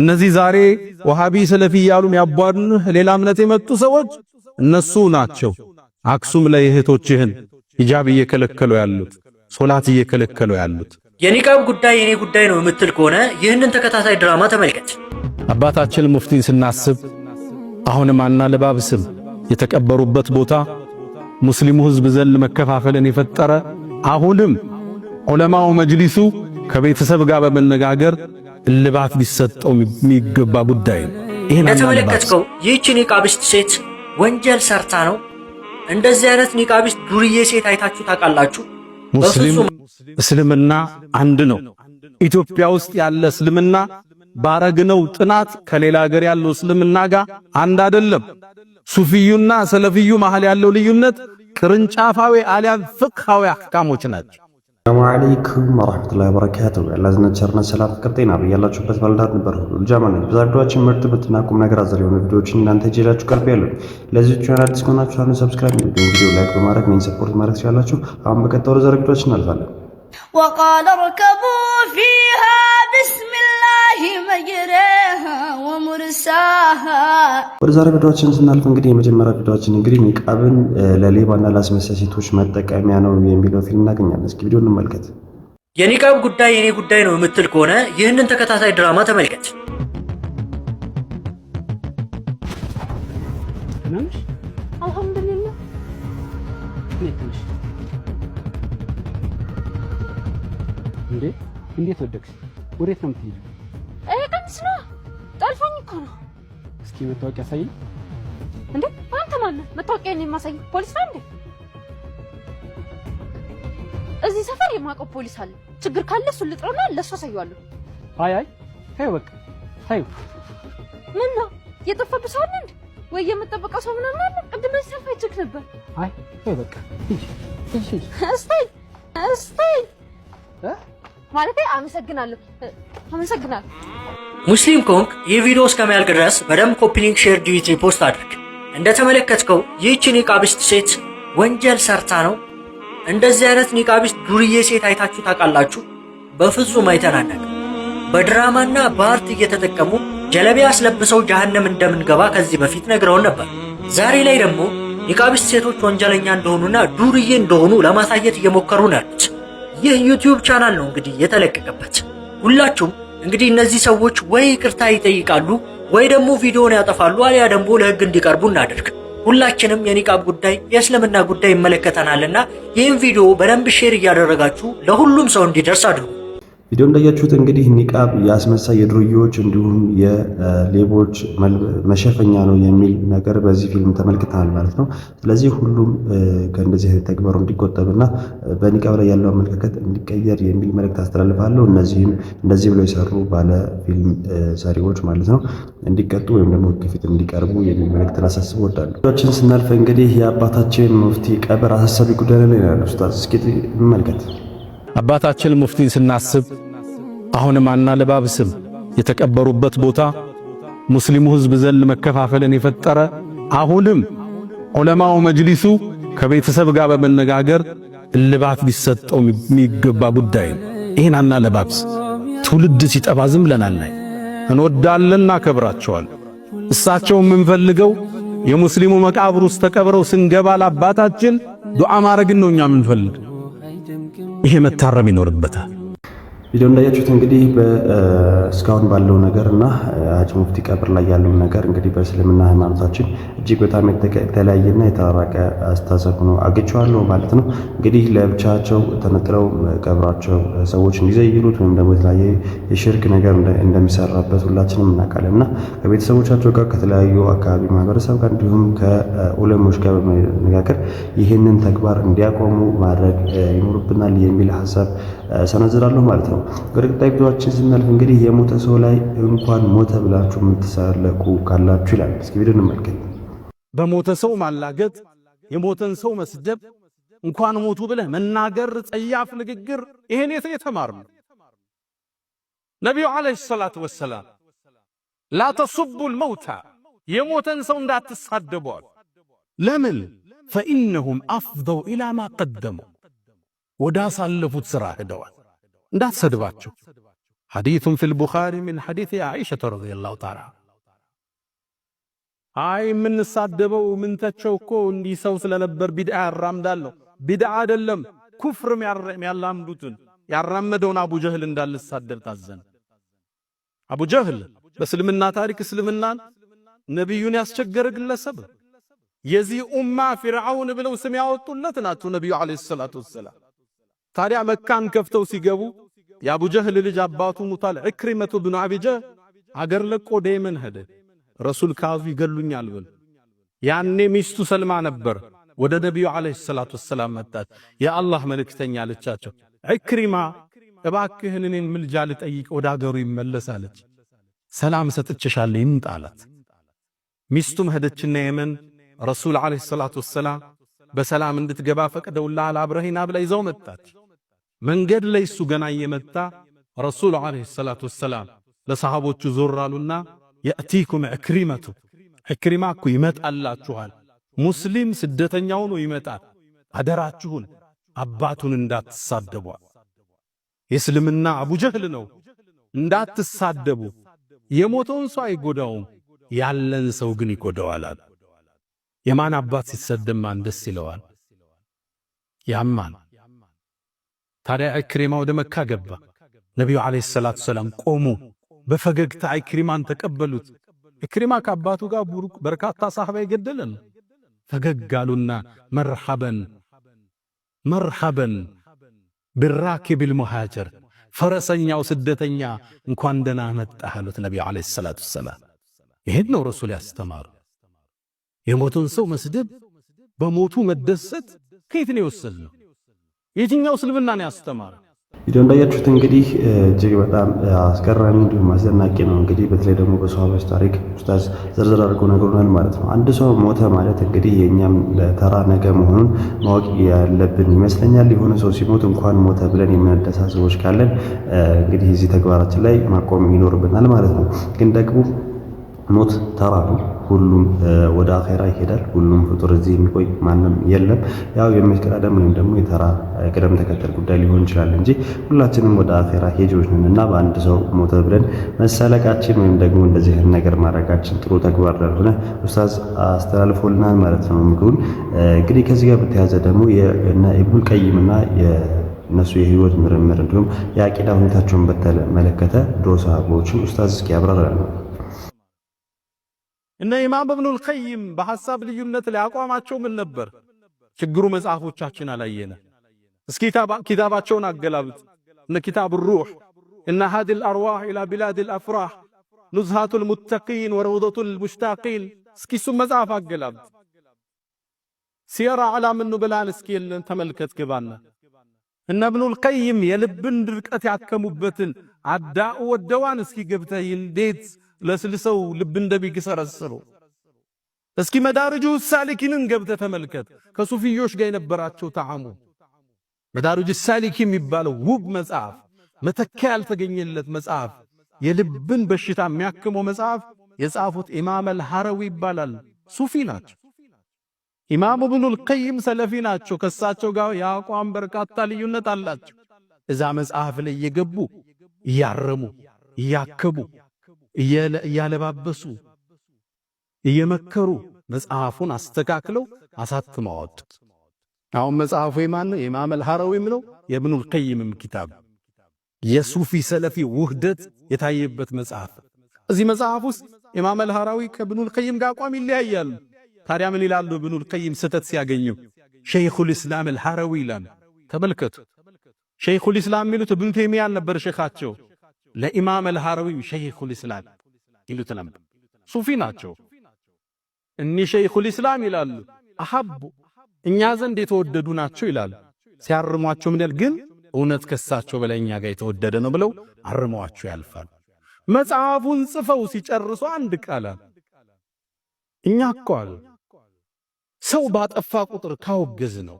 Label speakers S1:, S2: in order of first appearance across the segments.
S1: እነዚህ ዛሬ ወሃቢ ሰለፊ እያሉ የሚያቧድኑህ ሌላ እምነት የመጡ ሰዎች እነሱ ናቸው። አክሱም ላይ እህቶችህን ሂጃብ እየከለከሉ ያሉት፣ ሶላት እየከለከሉ ያሉት።
S2: የኒቃብ ጉዳይ የኔ ጉዳይ ነው የምትል ከሆነ ይህንን ተከታታይ ድራማ ተመልከት።
S1: አባታችን ሙፍቲን ስናስብ አሁንም አናለባብስም። የተቀበሩበት ቦታ ሙስሊሙ ህዝብ ዘንድ መከፋፈልን የፈጠረ አሁንም ዑለማው መጅሊሱ ከቤተሰብ ጋር በመነጋገር እልባት ሊሰጠው የሚገባ ጉዳይ ነው።
S2: ይህን የተመለከትከው ይህች ኒቃብስት ሴት ወንጀል ሰርታ ነው። እንደዚህ አይነት ኒቃብስት ዱርዬ ሴት አይታችሁ ታውቃላችሁ?
S1: ሙስሊም እስልምና አንድ ነው። ኢትዮጵያ ውስጥ ያለ እስልምና ባረግነው ጥናት ከሌላ ሀገር ያለው እስልምና ጋር አንድ አይደለም። ሱፊዩና ሰለፊዩ መሃል ያለው ልዩነት ቅርንጫፋዊ አሊያን ፍቅሃዊ አህካሞች ናቸው። ሰላም አለይኩም ወራህመቱላሂ ወበረካቱ ያላዝነ ቸርነ ሰላም ፍቅር ጤና በያላችሁበት ባልዳር ነበር ሁሉ ጃማ ነኝ። በዛሬው ምርጥ ምርጥና ቁም ነገር አዘል የሆኑ ቪዲዮዎችን እናንተ ይዤላችሁ ቀርብ ያለሁ። ለዚህ ቻናል አዲስ ከሆናችሁ ሰብስክራይብ፣ ቪዲዮ ላይክ በማድረግ ሜን ሰፖርት ማድረግ ሲያላችሁ፣ አሁን በቀጣዩ ዘረግቶችን እናልፋለን።
S3: وقال اركبوا فيها بسم الله مجريها ومرساها
S1: ወደ ዛሬ ቪዲዮችን ስናልፍ እንግዲህ የመጀመሪያ ቪዲዮችን እንግዲህ ኒቃብን ለሌባና ላስመሳይ ሴቶች መጠቀሚያ ነው የሚለው ፊልም እናገኛለን። እስኪ ቪዲዮ እንመልከት።
S2: የኒቃብ ጉዳይ የኔ ጉዳይ ነው የምትል ከሆነ ይህንን ተከታታይ ድራማ ተመልከት።
S4: አልሐምዱሊላህ
S5: እንዴ እንዴት ወደቅሽ? ወዴት ነው የምትሄጂው?
S4: ይሄ ቀሚስ ነው ጠልፎኝ እኮ ነው።
S5: እስኪ መታወቂያ ያሳይ።
S4: እንዴ አንተ ማነህ? መታወቂያ ነው የማሳይ? ፖሊስ ነው እንዴ? እዚህ ሰፈር የማውቀው ፖሊስ አለ። ችግር ካለ እሱን ልጥረውና ለእሱ አሳየዋለሁ።
S5: አይ አይ ታዩ በቃ ታዩ።
S4: ምን ነው የጠፋብህ ሰው እንዴ? ወይ የምጠበቀው ሰው ምናምን አለ? ቅድም ሰልፍ አይቼክ ነበር።
S5: አይ ታዩ በቃ እሺ
S4: እስቲ ማለት አመሰግናለሁ፣ አመሰግናለሁ።
S2: ሙስሊም ኮንክ ይህ ቪዲዮ እስከሚያልቅ ድረስ በደንብ ኮፒሊንግ፣ ሼር፣ ዲዩት ፖስት አድርግ። እንደተመለከትከው ይህችን ኒቃቢስት ሴት ወንጀል ሰርታ ነው። እንደዚህ አይነት ኒቃቢስት ዱርዬ ሴት አይታችሁ ታውቃላችሁ? በፍጹም አይተናነቅ። በድራማና በአርት እየተጠቀሙ ጀለቤ አስለብሰው ጀሀነም እንደምንገባ ከዚህ በፊት ነግረውን ነበር። ዛሬ ላይ ደግሞ ኒቃቢስት ሴቶች ወንጀለኛ እንደሆኑና ዱርዬ እንደሆኑ ለማሳየት እየሞከሩ ነው ያሉት። ይህ ዩቲዩብ ቻናል ነው እንግዲህ የተለቀቀበት። ሁላችሁም እንግዲህ እነዚህ ሰዎች ወይ ይቅርታ ይጠይቃሉ ወይ ደግሞ ቪዲዮውን ያጠፋሉ፣ አሊያ ደግሞ ለህግ እንዲቀርቡ እናደርግ። ሁላችንም የኒቃብ ጉዳይ የእስልምና ጉዳይ ይመለከተናልና ይህን ቪዲዮ በደንብ ሼር እያደረጋችሁ ለሁሉም ሰው እንዲደርስ አድርጉ።
S1: ቪዲዮ እንዳያችሁት እንግዲህ ኒቃብ የአስመሳይ የዱርዬዎች እንዲሁም የሌቦች መሸፈኛ ነው የሚል ነገር በዚህ ፊልም ተመልክተናል ማለት ነው። ስለዚህ ሁሉም ከእንደዚህ አይነት ተግባሩ እንዲቆጠብና በኒቃብ ላይ ያለው አመለካከት እንዲቀየር የሚል መልእክት አስተላልፋለሁ። እነዚህም እንደዚህ ብለው የሰሩ ባለ ፊልም ሰሪዎች ማለት ነው እንዲቀጡ ወይም ደግሞ ከፊት እንዲቀርቡ የሚል መልእክት ላሳስብ ወዳሉ ችን ስናልፍ እንግዲህ የአባታችን ሙፍቲ ቀብር አሳሳቢ ጉዳይ ላይ ነው ያለው። እስኪ እንመልከት። አባታችን ሙፍቲን ስናስብ አሁንም አናለባብስም። የተቀበሩበት ቦታ ሙስሊሙ ሕዝብ ዘንድ መከፋፈልን የፈጠረ አሁንም ዑለማው መጅሊሱ ከቤተሰብ ጋር በመነጋገር እልባት ሊሰጠው የሚገባ ጉዳይ ነው። ይህን አናለባብስ። ትውልድ ሲጠፋ ዝም ብለናል። እንወዳለን፣ እሳቸው የምንፈልገው የሙስሊሙ መቃብር ውስጥ ተቀብረው ስንገባ ለአባታችን ዱዓ ማድረግን ነው እኛ የምንፈልግ ይሄ መታረም ይኖርበታል። ቪዲዮ እንዳያችሁት እንግዲህ እስካሁን ባለው ነገር እና ሀጂ ሙፍቲ ቀብር ላይ ያለውን ነገር እንግዲህ በእስልምና ሃይማኖታችን እጅግ በጣም የተለያየና የተራራቀ አስተሳሰብ ነው አግኝቼዋለሁ ማለት ነው። እንግዲህ ለብቻቸው ተነጥለው ቀብራቸው ሰዎች እንዲዘይሩት ወይም ደግሞ የተለያየ የሽርክ ነገር እንደሚሰራበት ሁላችንም እናውቃለን እና ከቤተሰቦቻቸው ጋር ከተለያዩ አካባቢ ማህበረሰብ ጋር እንዲሁም ከዑለሞች ጋር በመነጋገር ይህንን ተግባር እንዲያቆሙ ማድረግ ይኖርብናል የሚል ሀሳብ ሰነዝራለሁ ማለት ነው። ወደ ቀጣይ ጉዟችን ስናልፍ እንግዲህ የሞተ ሰው ላይ እንኳን ሞተ ብላችሁ የምትሳለቁ ካላችሁ ይላል። እስኪ ቪዲዮ እንመልከት።
S6: በሞተ ሰው ማላገጥ፣ የሞተን ሰው መስደብ፣ እንኳን ሞቱ ብለህ መናገር፣ ጸያፍ ንግግር፣ ይሄን የት የተማርነው? ነቢዩ ዓለይሂ ሰላቱ ወሰላም ላ ተሱቡል መውታ የሞተን ሰው እንዳትሳደቧል። ለምን ፈኢነሁም አፍደው ኢላ ማ ቀደሙ ወደ አሳለፉት ሥራ ሄደዋል። እንዳትሰድባቸው። ሐዲቱን ፊል ቡኻሪ ምን ሐዲት የዓኢሸተ ረዲየላሁ ተዓላ አይ የምንሳደበው ምንተቸው እኮ እንዲህ ሰው ስለነበር ቢድዓ ያራምዳለሁ። ቢድዓ አይደለም ኩፍርም ያላምዱትን ያራመደውን አቡ ጀህል እንዳልሳደብ ታዘን። አቡ በእስልምና ታሪክ እስልምናን ነቢዩን ያስቸገረ ግለሰብ የዚህ ኡማ ፊርዓውን ብለው ስም ያወጡለት ናቸው ነቢዩ ዓለይሂ ሰላቱ ወሰላም ታዲያ መካን ከፍተው ሲገቡ የአቡጀህል ልጅ አባቱ ሙታል ዕክሪመቱ ብኑ አቢጀ አገር ለቆ ወደ የመን ሄደ። ረሱል ካዙ ይገሉኛል ብል ያኔ ሚስቱ ሰልማ ነበር። ወደ ነቢዩ ዓለይሂ ሰላቱ ወሰላም መጣች። የአላህ መልእክተኛ አለቻቸው፣ ዕክሪማ እባክህን እኔን ምልጃ ልጠይቅ ወደ አገሩ ይመለስ አለች። ሰላም ሰጥቼሻለሁ ይምጣ አላት። ሚስቱም ሄደችና የመን ረሱል ዓለይሂ ሰላቱ ወሰላም በሰላም እንድትገባ ፈቅደውልሃል አብረሂና ብላ ይዘው መጣች። መንገድ ላይ እሱ ገና እየመጣ ረሱሉ ዓለይሂ ሰላቱ ወሰላም ለሰሃቦቹ ዞር አሉና የእቲኩም ዕክሪመቱ ዕክሪማ እኮ ይመጣላችኋል። ሙስሊም ስደተኛ ሆኖ ይመጣል። አደራችሁን አባቱን እንዳትሳደቧል። የእስልምና አቡጀህል ነው እንዳትሳደቡ። የሞተውን ሰው አይጎዳውም፣ ያለን ሰው ግን ይጎዳዋል። የማን አባት ሲሰደብ ማን ደስ ይለዋል? ያማል ታዲያ ዕክሪማ ወደ መካ ገባ። ነቢዩ ዓለይሂ ሰላቱ ሰላም ቆሙ። በፈገግታ ዕክሪማን ተቀበሉት። ዕክሪማ ከአባቱ ጋር ቡሩቅ በርካታ ሳሕባ የገደለ ነው። ፈገግ አሉና መርሐበን መርሐበን ብራኪብል ሙሃጀር፣ ፈረሰኛው ስደተኛ እንኳን ደህና መጣህ አሉት ነቢዩ ዓለይሂ ሰላቱ ሰላም። ይሄን ነው ረሱል ያስተማሩ። የሞቱን ሰው መስደብ፣ በሞቱ መደሰት ከየት ነው የወሰድነው? የትኛው እስልምና ነው ያስተማረ?
S1: ቪዲዮ እንዳያችሁት እንግዲህ እጅግ በጣም አስገራሚ እንዲሁም አስደናቂ ነው። እንግዲህ በተለይ ደግሞ በሰሃቦች ታሪክ ኡስታዝ ዘርዘር አድርጎ ነግሮናል ማለት ነው። አንድ ሰው ሞተ ማለት እንግዲህ የእኛም ለተራ ነገ መሆኑን ማወቅ ያለብን ይመስለኛል። የሆነ ሰው ሲሞት እንኳን ሞተ ብለን የምንደሳ ሰዎች ካለን እንግዲህ እዚህ ተግባራችን ላይ ማቆም ይኖርብናል ማለት ነው። ግን ደግሞ ሞት ተራ ነው። ሁሉም ወደ አኼራ ይሄዳል። ሁሉም ፍጡር እዚህ የሚቆይ ማንም የለም። ያው የመቅደም ወይም ደግሞ የተራ ቅደም ተከተል ጉዳይ ሊሆን ይችላል እንጂ ሁላችንም ወደ አኼራ ሄጆች ነን እና በአንድ ሰው ሞተ ብለን መሰለቃችን ወይም ደግሞ እንደዚህ ነገር ማድረጋችን ጥሩ ተግባር ላልሆነ ኡስታዝ አስተላልፎልናል ማለት ነው። ምግቡን እንግዲህ ከዚህ ጋር በተያያዘ ደግሞ ኢብኑል ቀይምና እነሱ የህይወት ምርምር እንዲሁም የአቂዳ ሁኔታቸውን በተመለከተ ድሮ ሰሃቦችን ኡስታዝ እስኪ ያብራራል ነው
S6: እነ ኢማም ኢብኑል ቀይም በሐሳብ ልዩነት ላይ አቋማቸው ምን ነበር? ችግሩ መጽሐፎቻችን አላየነ። እስኪ ኪታባቸውን አገላብጥ። እነ ኪታብ ሩህ እና ሃዲል አርዋህ ኢላ ቢላዲል አፍራህ ኑዝሃቱል ሙተቂን ወረውደቱል ሙሽታቂን። እስኪ እሱም መጽሐፍ አገላብጥ። ሲየራ ዓላምን ኑብላን እስኪ ተመልከት ግባና እነ ኢብኑል ቀይም የልብን ድርቀት ያከሙበትን አዳኡ ወደዋን እስኪ ገብተህ እንዴት ለስልሰው ልብ እንደሚገሰረስረው እስኪ መዳርጁ ሳሊኪንን ገብተ ተመልከት። ከሱፊዮች ጋር የነበራቸው ተዓሙ መዳርጁ ሳሊኪ የሚባለው ውብ መጽሐፍ፣ መተካ ያልተገኘለት መጽሐፍ፣ የልብን በሽታ የሚያክመው መጽሐፍ የጻፉት ኢማም አልሐረዊ ይባላል። ሱፊ ናቸው። ኢማም ኢብኑል ቀይም ሰለፊ ናቸው። ከሳቸው ጋር የአቋም በርካታ ልዩነት አላቸው። እዛ መጽሐፍ ላይ እየገቡ እያረሙ እያከቡ እያለባበሱ እየመከሩ መጽሐፉን አስተካክለው አሳትመው አሁን መጽሐፉ የማን ነው? የኢማም አልሐራዊም ነው። የኢብኑል ቀይምም ኪታብ የሱፊ ሰለፊ ውህደት የታየበት መጽሐፍ። እዚህ መጽሐፍ ውስጥ ኢማም አልሐራዊ ከኢብኑል ቀይም ጋር አቋም ይለያያሉ። ታዲያ ምን ይላሉ? ኢብኑል ቀይም ስህተት ሲያገኙ ሸይኹል ኢስላም አልሐራዊ ይላሉ። ተመልከቱ። ሸይኹል ኢስላም የሚሉት ኢብኑ ተይሚያን ነበር ሼኻቸው ለኢማም አልሃረዊ ሸይኹ ኢስላም ይሉት ነበር። ሱፊ ናቸው። እኒህ ሸይኹ ኢስላም ይላሉ። አሐቡ እኛ ዘንድ የተወደዱ ናቸው ይላሉ። ሲያርሟቸው ምን ግን እውነት ከሳቸው በላይ እኛ ጋር የተወደደ ነው ብለው አርመዋቸው ያልፋሉ። መጽሐፉን ጽፈው ሲጨርሱ አንድ ቃል እኛ እኮ አሉ ሰው ባጠፋ ቁጥር ካወገዝ ነው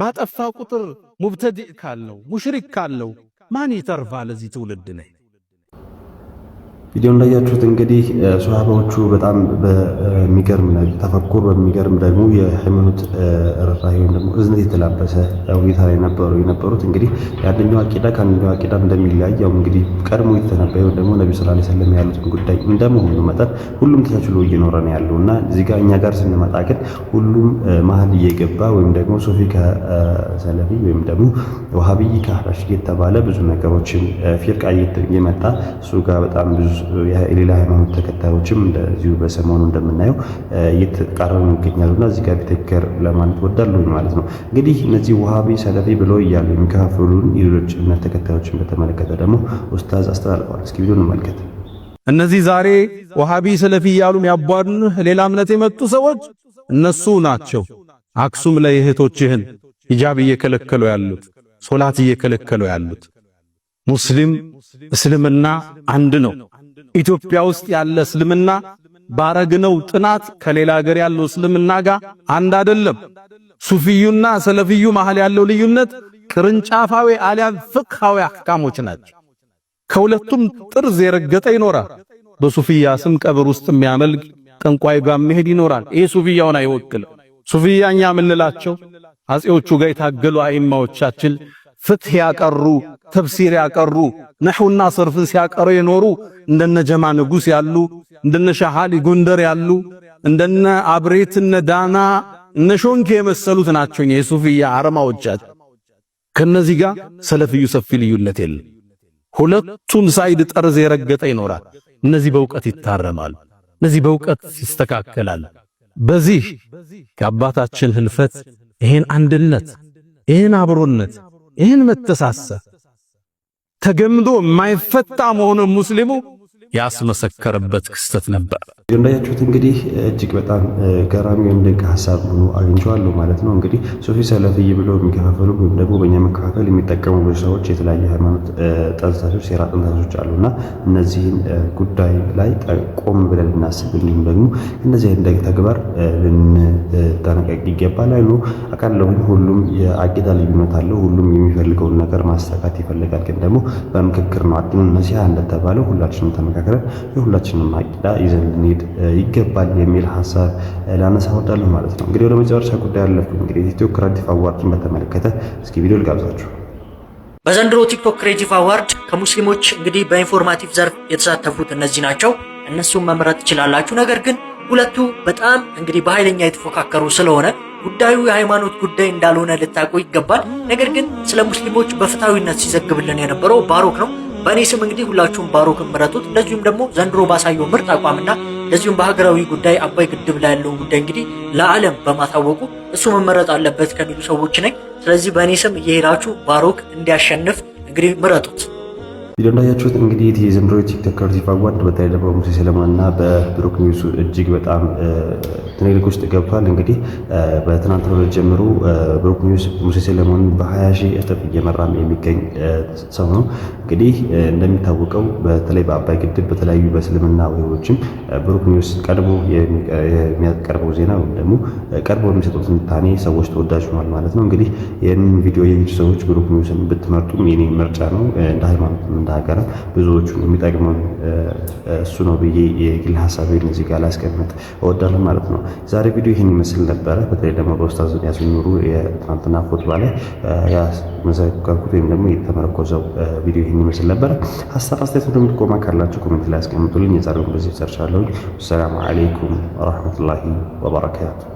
S6: ባጠፋ ቁጥር ሙብተዲዕ ካለው ሙሽሪክ ካለው ማን ይተርፋ ለዚህ ትውልድ ነይ
S1: ቪዲዮ እንዳያችሁት እንግዲህ ሶሃባዎቹ በጣም በሚገርም ተፈኩር በሚገርም ደግሞ የሃይማኖት ርኅራኄ ወይም ደግሞ እዝነት የተላበሰ ሁኔታ ላይ ነበሩ የነበሩት እንግዲህ የአንደኛው አቂዳ ከአንደኛው አቂዳ እንደሚለያይ ያው እንግዲህ ቀድሞ የተነበየው ደግሞ ነቢ ስላ ስለም ያሉትን ጉዳይ እንደመሆኑ መጠን ሁሉም ተቻችሎ እየኖረ ነው ያለው እና እዚህ ጋር እኛ ጋር ስንመጣ ግን ሁሉም መሀል እየገባ ወይም ደግሞ ሶፊ ከሰለፊ ወይም ደግሞ ውሃብይ ከአህባሽ እየተባለ ብዙ ነገሮችን ፊርቃ እየመጣ እሱ ጋር በጣም ብዙ የሌላ ሃይማኖት ተከታዮችም እንደዚሁ በሰሞኑ እንደምናየው እየተቃረኑ ይገኛሉ እና እዚህ ጋር ቢተከር ለማለት ወዳለሁኝ ማለት ነው። እንግዲህ እነዚህ ውሃቢ ሰለፊ ብሎ እያሉ የሚከፋፍሉን የሌሎች እምነት ተከታዮችን በተመለከተ ደግሞ ኡስታዝ አስተላልፈዋል። እስኪ ቪዲዮ እንመልከት። እነዚህ ዛሬ ወሃቢ ሰለፊ እያሉ ያቧድኑህ ሌላ እምነት የመጡ ሰዎች እነሱ ናቸው። አክሱም ላይ እህቶችህን ሂጃብ እየከለከሉ ያሉት፣ ሶላት እየከለከሉ ያሉት። ሙስሊም እስልምና አንድ ነው። ኢትዮጵያ ውስጥ ያለ እስልምና ባረግነው ጥናት ከሌላ ሀገር ያለው እስልምና ጋር አንድ አይደለም። ሱፊዩና ሰለፊዩ መሃል ያለው ልዩነት ቅርንጫፋዊ አሊያን ፍቅሃዊ አህካሞች ናቸው። ከሁለቱም ጥርዝ የረገጠ ይኖራል። በሱፊያ ስም ቀብር ውስጥ የሚያመልክ ጠንቋይ ጋር መሄድ ይኖራል። ይህ ሱፊያውን አይወክልም። ሱፊያ እኛ የምንላቸው አጼዎቹ ጋር የታገሉ አይማዎቻችን ፍትህ ያቀሩ፣ ተፍሲር ያቀሩ፣ ነህውና ሰርፍን ሲያቀሩ የኖሩ እንደነ ጀማ ንጉስ ያሉ እንደነ ሻሃሊ ጎንደር ያሉ እንደነ አብሬት እነ ዳና እነ ሾንኬ የመሰሉት ናቸው። የሱፊያ አረማዎቻችን ከነዚህ ጋር ሰለፍዩ ሰፊ ልዩነት የለም። ሁለቱን ሳይድ ጠርዝ የረገጠ ይኖራል። እነዚህ በእውቀት ይታረማሉ። እነዚህ በእውቀት ይስተካከላል። በዚህ ከአባታችን ህልፈት ይህን አንድነት፣ ይህን አብሮነት፣ ይህን መተሳሰብ ተገምዶ የማይፈታ መሆኑን ሙስሊሙ ያስመሰከረበት ክስተት ነበር። እንዳያችሁት እንግዲህ እጅግ በጣም ገራሚ ወይም ድንቅ ሀሳብ ሆኖ አግኝቼዋለሁ ማለት ነው። እንግዲህ ሱፊ ሰለፍይ ብሎ የሚከፋፈሉ ወይም ደግሞ በእኛ መከፋፈል የሚጠቀሙ ብዙ ሰዎች፣ የተለያዩ ሃይማኖት ጠንሳሾች፣ ሴራ ጠንሳሾች እና እነዚህን ጉዳይ ላይ ቆም ብለን ልናስብ እንዲሁም ደግሞ እነዚህ አይነት ተግባር ልንጠነቀቅ ይገባል። አይኑ አቃለሁኝ ሁሉም የአቂዳ ልዩነት አለው። ሁሉም የሚፈልገውን ነገር ማስተካት ይፈልጋል። ግን ደግሞ በምክክር ነው አድኑ መሲሃ እንደተባለው ሁላችንም ተመ ተነጋግረን የሁላችንም አቂዳ ይዘን ልንሄድ ይገባል የሚል ሀሳብ ላነሳ እወዳለሁ ማለት ነው። እንግዲህ ወደ መጨረሻ ጉዳይ አለፍኩ። እንግዲህ ኢትዮ ክሬቲቭ አዋርድን በተመለከተ እስኪ ቪዲዮ ልጋብዛችሁ።
S2: በዘንድሮ ቲክቶክ ክሬቲቭ አዋርድ ከሙስሊሞች እንግዲህ በኢንፎርማቲቭ ዘርፍ የተሳተፉት እነዚህ ናቸው። እነሱን መምረጥ ትችላላችሁ። ነገር ግን ሁለቱ በጣም እንግዲህ በኃይለኛ የተፎካከሩ ስለሆነ ጉዳዩ የሃይማኖት ጉዳይ እንዳልሆነ ልታውቁ ይገባል። ነገር ግን ስለ ሙስሊሞች በፍትሐዊነት ሲዘግብልን የነበረው ባሮክ ነው። በእኔ ስም እንግዲህ ሁላችሁም ባሮክን ምረጡት። እንደዚሁም ደግሞ ዘንድሮ ባሳየው ምርጥ አቋምና እንደዚሁም በሀገራዊ ጉዳይ አባይ ግድብ ላይ ያለውን ጉዳይ እንግዲህ ለዓለም በማታወቁ እሱ መመረጥ አለበት ከሚሉ ሰዎች ነኝ። ስለዚህ በእኔ ስም እየሄዳችሁ ባሮክ እንዲያሸንፍ እንግዲህ ምረጡት።
S1: ቪዲዮ እንዳያችሁት እንግዲህ ይህ ዘንድሮች ሲተከሉ ሲፋጓድ በተለይ ደግሞ ሙሴ ሰለሞንና በብሩክ ኒውሱ እጅግ በጣም ትንቅንቅ ውስጥ ገብቷል። እንግዲህ በትናንትና ነው ጀምሮ ብሩክ ኒውስ ሙሴ ሰለሞንን በ20 ሺህ እጥፍ እየመራም የሚገኝ ሰው ነው። እንግዲህ እንደሚታወቀው በተለይ በአባይ ግድብ በተለያዩ በእስልምና ወይዎችም ብሩክ ኒውስ ቀድሞ የሚያቀርበው ዜና ወይም ደግሞ ቀድሞ የሚሰጠው ትንታኔ ሰዎች ተወዳጅ ሆኗል ማለት ነው። እንግዲህ ይህንን ቪዲዮ የሚቱ ሰዎች ብሩክ ኒውስን ብትመርጡም የኔ ምርጫ ነው እንደ ሃይማኖት እንደ ሀገርም ብዙዎቹ የሚጠቅመን እሱ ነው ብዬ የግል ሀሳቤን እዚህ ጋር ላስቀምጥ እወዳለሁ ማለት ነው። ዛሬ ቪዲዮ ይህን ይመስል ነበረ። በተለይ ደግሞ በውስታዝ ያሱ ኑሩ የትናንትና ፎትባ ላይ ያመዘገርኩት ወይም ደግሞ የተመረኮዘው ቪዲዮ ይህን ይመስል ነበረ። ሀሳብ አስተያየት እንደምትቆማ ካላችሁ ኮሜንት ላይ ያስቀምጡልኝ። የዛሬውን በዚህ ጨርሻለሁ። ሰላሙ አለይኩም ወረህመቱላሂ ወበረካቱ